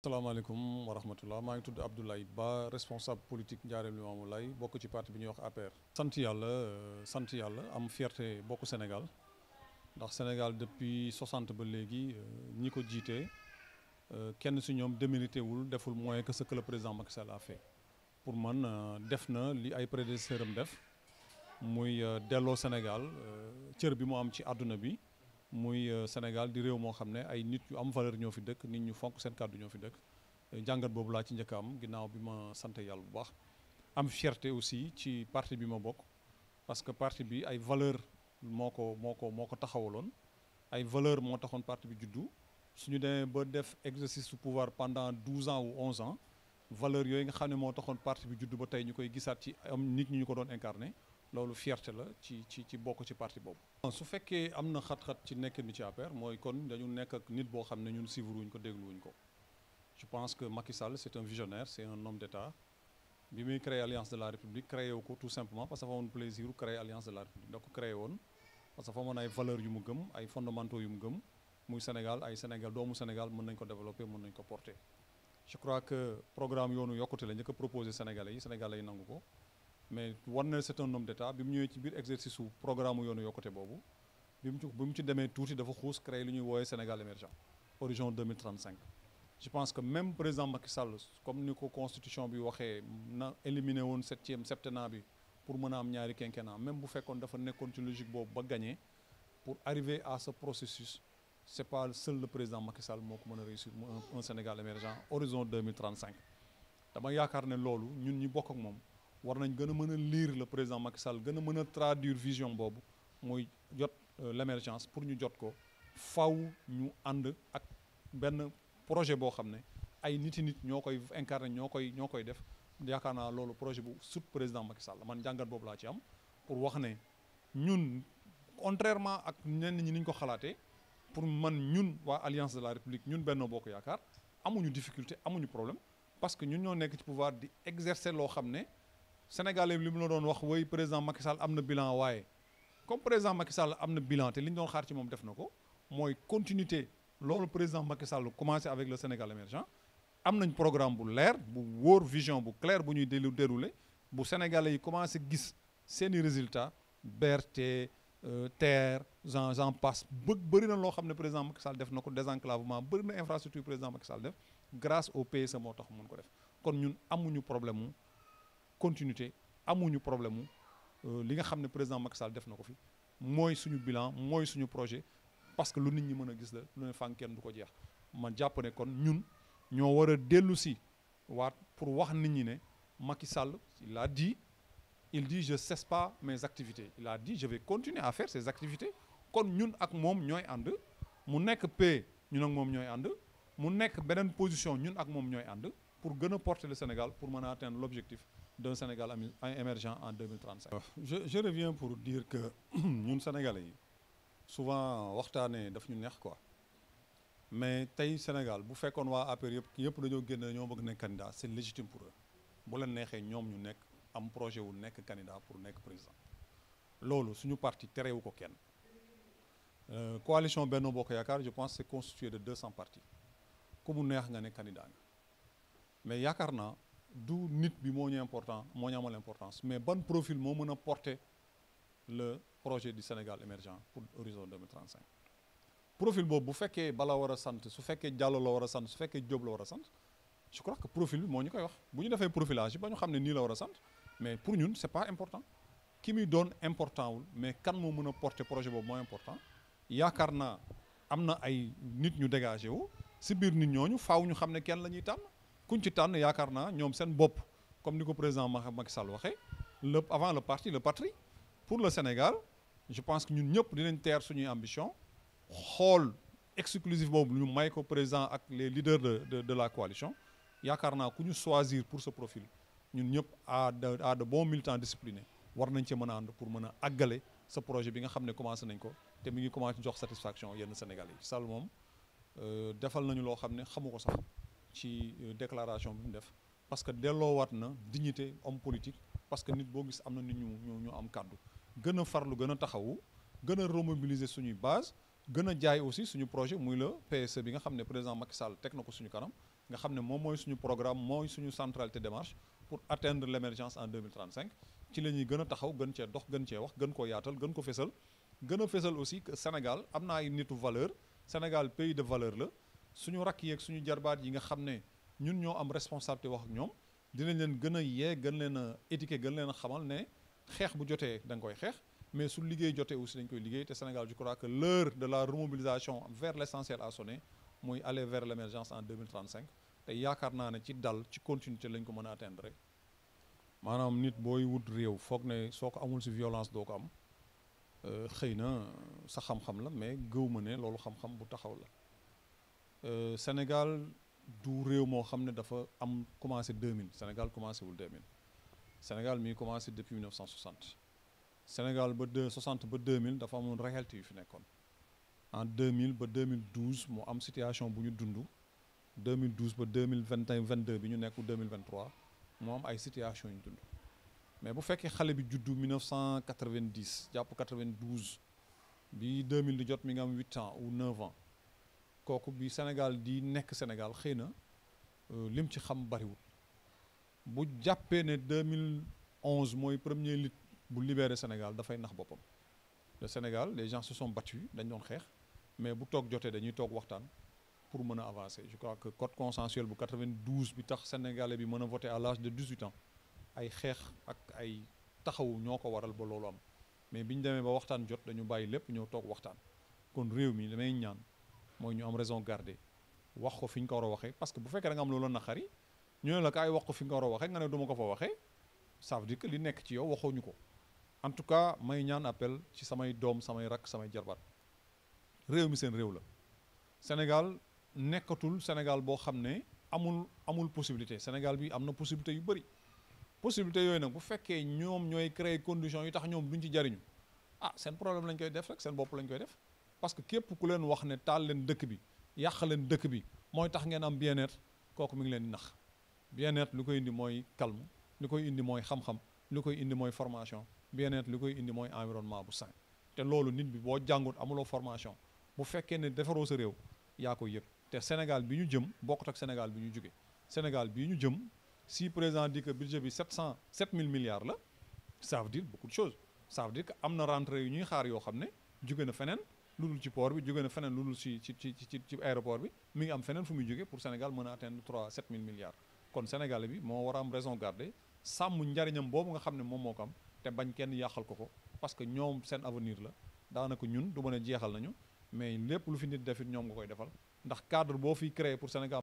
asalaamaaleykum wa rahmatullah maa ngi tudd Abdoulaye Ba responsable politique Ndiarème lay bokk ci parti bi ñuy wax APR. sant yàlla euh, sant yàlla am fierte bokk Sénégal ndax Sénégal depuis 60 ba léegi euh, ñi ko jiite euh, kenn si ñoom démérité wul deful moins que ce que le président Macky Sall pour man def na li ay prédécesseur am def muy delloo Sénégal cër bi mu am ci àdduna bi. muy euh, Sénégal di réew moo xam ne ay nit yu am valeur ñoo fi dëkk nit ñu fonk seen kàddu ñoo fi dëkk euh, jàngat boobu laa ci njëkk am ginnaaw bi ma sant yàlla bu baax am fierté aussi ci parti bi ma bokk parce que parti bi ay valeur moo ko moo ko moo ko taxawaloon ay valeur moo taxoon parti bi juddu suñu demee ba def exercice du pouvoir pendant 12 ans ou 11 ans valeur yooyu nga xam ne moo taxoon parti bi juddu ba tey ñu koy gisaat ci am nit ñi ñu ko doon incarné loolu fierté la ci ci ci bokk ci parti boobu. su fekkee am na xat-xat ci nekk bi ci APR mooy kon dañu nekk ak nit boo xam ne ñun suivre wuñ ko déglu wuñ ko. je pense que Macky Sall c' un visionnaire c' est un homme bi muy créer alliance de la république créé wu ko tout simplement parce que fa amoon plaisir créer alliance de la république da ko créé woon. parce que fa amoon ay valeurs yu mu gëm ay fondamentaux yu mu gëm muy Sénégal ay Sénégal doomu Sénégal mën nañ ko développer mën nañ ko porter. je crois que programme yoonu yokkute la proposé Sénégalais yi Sénégalais yi ko. mais war na c'est un homme d'état bi mu ñëwee ci biir exercice su programme yoonu yokkute boobu bi mu ci bi mu ci demee tuuti dafa xuus créé lu ñuy woowee Sénégal émergent horizon 2035 je pense que même président Macky Sall comme ni ko constitution bi waxee na éliminé woon septième septennat bi pour mën a am ñaari quinquennat même bu fekkoon dafa nekkoon ci boobu ba gagné pour arriver à processus c'est pas seul président Macky Sall moo ko mën a réussir un Sénégal émergent horizon 2035 dama yaakaar ne loolu ñun ñi bokk ak moom war nañ gën a mën a lire la président Macky Sall gën a mën a traduire vision boobu mooy jot euh, l'émergence pour ñu jot ko faw ñu ànd ak benn projet boo xam ne ay nit nit ñoo koy incarné ñoo koy ñoo koy def yaakaar naa loolu projet bu sut président Macky Sall man jàngat boobu laa ci am pour wax ne ñun contrairement ak ñenn ñi ni ko xalaatee pour man ñun waa alliance de la république ñun Benno Bokk Yaakaar amuñu difficulté amuñu problème parce que ñun ñoo nekk ci pouvoir di exercer loo xam ne Sénégalais li mu la doon wax woy président Macky Sall am na bilan waaye comme président Macky Sall am na bilan te li ñu doon xaar ci moom def na ko mooy continuité loolu président Macky Sall commencé avec le Sénégal émergent am nañ programme bu leer bu wóor vision bu claire bu ñuy délu déroulé bu Sénégalais yi commencé gis seeni résultats BRT euh, TER j'en j'en passe bëgg bëri na loo xam ne président Macky Sall def na ko désenclavement bëri na infrastructure président Macky Sall def grâce au PSE moo tax mun ko def kon ñun amuñu problème mu continuité amuñu problème mu euh, li nga xam ne président Macky Sall def na ko fi mooy suñu bilan mooy suñu projet parce que lu nit ñi mën a gis la lu ne fànk kenn du ko jeex ma jàpp kon ñun ñoo war a dellu si waat pour wax nit ñi ne Macky Sall il a dit il dit je cesse pas mes activités il a je vais continuer à faire ces activités kon ñun ak moom ñooy ànd mu nekk P ñun ak moom ñooy ànd mu nekk beneen position ñun ak moom ñooy ànd pour gën a porter le Sénégal pour mën a atteindre l'objectif d'un Sénégal émergent en 2035. je je reviens pour dire que ñun sénégalais yi souvent waxtaanee daf ñu neex quoi mais tey Sénégal bu fekkoon waa APR yëpp yëpp dañoo génn ñoo bëgg nekk candidat c'est légitime pour eux bu leen neexee ñoom ñu nekk am projet wu nekk candidat pour nekk président loolu suñu parti terewu ko kenn. Euh, coalition Benno Bokk Yaakaar je pense c'est constitué de 200 partis ku mu neex nga ne candidat nga mais yaakaar naa. du nit bi moo ñu important moo ñu amal importance mais ban profil moo mën a porter le projet du Sénégal émergent pour horizon 2035 profil boobu bu fekkee Bala war a sant su fekkee Diallo la war a sant su fekkee Diop la war a sant je crois que profil bi moo ñu koy wax bu ñu defee profilage yi ba ñu xam ne nii la war a sant mais pour ñun c'est pas important ki muy doon important wul mais kan moo mën a porter projet boobu moo important yaakaar naa am na ay nit ñu dégagé wu si biir nit ñooñu faaw ñu xam ne kenn la ñuy tànn kuñ ci tànn yaakaar naa ñoom seen bopp comme ni ko président Macky Sall waxee le avant le parti le patrie pour le Sénégal je pense que ñun ñëpp dinañ teer suñuy ambition xool exclusif boobu ñu may ko président ak les leaders de de de la coalition yaakaar naa ku ñu choisir pour sa profil ñun ñëpp à de à de bons militants disciplinés war nañ ci mën a ànd pour mën a àggale sa projet bi nga xam ne commencé nañ ko te mi ngi commencé jox satisfaction yenn Sénégalais yi Sall moom euh, defal nañu loo xam ne xamu ko sax. ci euh, déclaration bi mu def parce que delloowaat na dignité homme politique parce que nit boo gis am na nit ñu ñu am kàddu gën a farlu gën a taxawu gën a remobiliser suñuy base gën a jaay aussi suñu projet muy le PSE bi nga xam ne président Macky Sall teg na ko suñu kanam nga xam ne moom mooy suñu programme mooy suñu centralité démarche pour atteindre l' émergence en 2035 ci la ñuy gën a taxaw gën cee dox gën cee wax gën ko yaatal gën ko fesal gën a fesal aussi que Sénégal am na ay nitu valeur Sénégal pays de valeur la suñu rakk yeeg suñu jarbaat yi nga xam ne ñun ñoo am responsabilité wax ak ñoom dinañ leen gën a yee gën leen a étiqueté gën leen a xamal ne xeex bu jotee da nga koy xeex mais su liggéey jotee aussi dañ koy liggéey te Sénégal je crois que l'heure de la remobilisation vers l'essentiel a sonné muy aller vers l'émergence en 2035 te yaakaar naa ne ci dal ci continuité lañ ko mën a atteindre rek maanaam nit booy wut réew foog ne soo ko amul si violence doo ko am euh, xëy na sa xam la mais gëw ma ne loolu xam bu taxaw la Euh, Sénégal du réew moo xam ne dafa am commencé 2000 Sénégal commencé wul 2000 Sénégal mi ngi commencé depuis 1960 Sénégal ba deux 60 ba 2000 dafa amoon réalité yu fi nekkoon en 2000 ba 2012 mu am situation bu ñu dundu dund 2012 ba 2021 22 bi ñu nekk 2023 mu am ay situation ñu dund mais bu fekkee xale bi juddu 1990 jàpp 92 bi 2000 di jot mi nga am 8 ans ou 9 ans. kooku bi Sénégal di nekk Sénégal xëy na euh, lim ci xam bariwul bu jàppee ne 2011 mooy premier lutte bu libéré Sénégal dafay nax boppam de Sénégal les gens se sont battus dañ doon xeex mais bu toog jotee dañuy toog waxtaan pour mën a avancer je crois que code consensuel bu 92 bi tax sénégalais bi mën a voter à l'âge de 18 ans ay xeex ak ay taxawu ñoo ko waral ba loolu am mais bi ñu demee ba waxtaan jot dañu bàyyi lépp ñëw toog waxtaan kon réew mi damay mooy ñu am raison garder wax ko fi ñu ko war a waxee parce que bu fekkee da nga am loolu naqari ñu ne la kaay wax ko fi nga ko war a waxee nga ne duma ko fa waxee ça dire que li nekk ci yow waxooñu ko en tout cas may ñaan appel ci samay doom samay rakk samay jarbaat réew mi seen réew la Sénégal nekkatul Sénégal boo xam ne amul amul possibilité Sénégal bi am na possibilité yu bëri possibilité yooyu nag bu fekkee ñoom ñooy créer condition yi tax ñoom duñ ci jariñu ah seen problème lañ koy def rek seen bopp lañ koy def parce que képp ku leen wax ne taal leen dëkk bi yàq leen dëkk bi mooy tax ngeen am bien kooku mi ngi leen di nax bien-être lu koy indi mooy kalm lu koy indi mooy xam lu koy indi mooy formation bien-être lu koy indi mooy environnement bu sain te loolu nit bi boo jàngut amuloo formation bu fekkee ne defaroo sa réew yaa ko yëg te Sénégal bi ñu jëm bokkut ak Sénégal bi ñu jóge Sénégal bi ñu jëm si président dit que budget bi 700 7000 milliards la ça veut dire beaucoup de choses ça veut am na rentrée yu ñuy xaar yoo xam ne jóge na feneen lu dul ci port bi jóge na feneen lu dul ci ci ci ci ci aéroport bi mi ngi am feneen fu muy jóge pour Sénégal mën a atteindre 3 7000 milliards kon Sénégalais bi moo war a am raison garder sàmm njariñam boobu nga xam ne moom moo ko te bañ kenn yàqal ko ko parce que ñoom seen avenir la daanaka ñun du mën a jeexal nañu mais lépp lu fi nit defit ñoom nga koy defal ndax cadre boo fi créé pour Sénégal